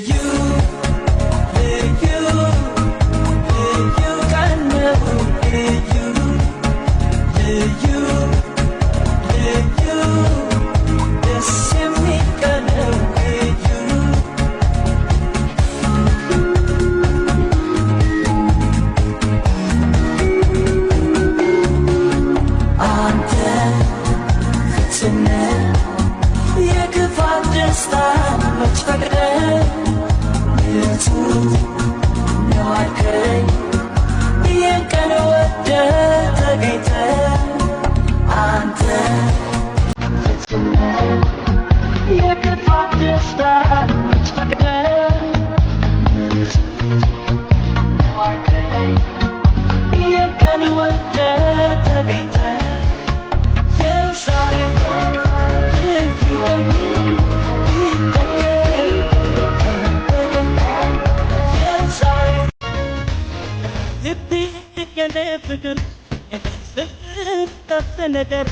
you ፍቅር ፍቅር ከፍ ነገር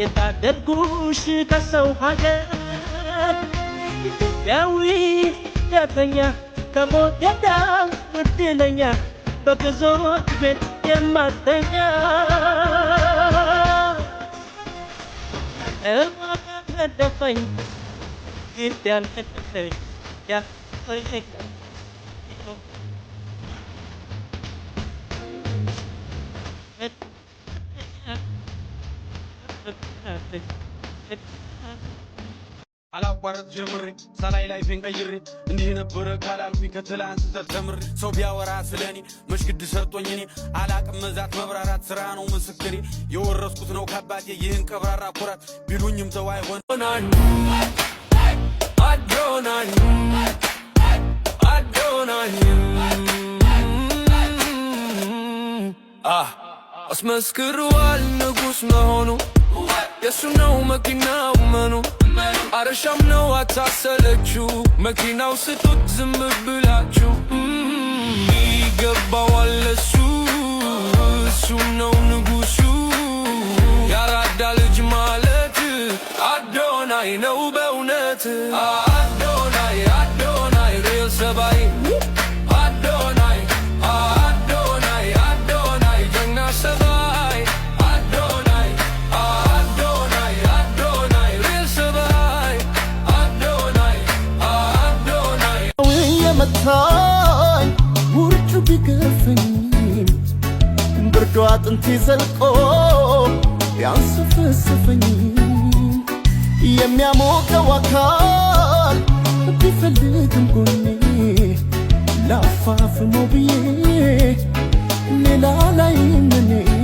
የታደርጉሽ ከሰው ሀገር Yawi Tapanya Kamu datang Bertilanya Bakazot Bet Yang matanya Emang ada fain Kita ada fain Ya Fain Thank you. አላቋረጥ ጀምሬ ሰላይ ላይፌን ቀይሬ እንዲህ ነበረ ካላልኩኝ ከትላ አንስተ ተምሬ ሰው ቢያወራ ስለኔ መሽግድ ሰርጦኝ እኔ አላቅም መዛት መብራራት ስራ ነው ምስክሬ የወረስኩት ነው ከአባቴ ይህን ቀብራራ ኩራት ቢሉኝም ተው አይሆን አዶናይ አዶናይ አስመስክሯል ንጉሥ መሆኑ የእሱ ነው መኪናው መኑ አረሻም ነው አታሰለችው መኪናው ስጡት ዝም ብላችሁ ይገባዋል እሱ እሱ ነው ንጉሱ ያራዳ ልጅ ማለት አዶናይ ነው በእውነት አዶናይ አዶናይ ሬል ሰባይ ብርዷ አጥንቲ ዘልቆ ያንሰፈሰፈኝ የሚያሞቀው አካል ቢፈልግም ጎኔ ላፋፍሞ ብዬ ሌላ ላይ ምኔ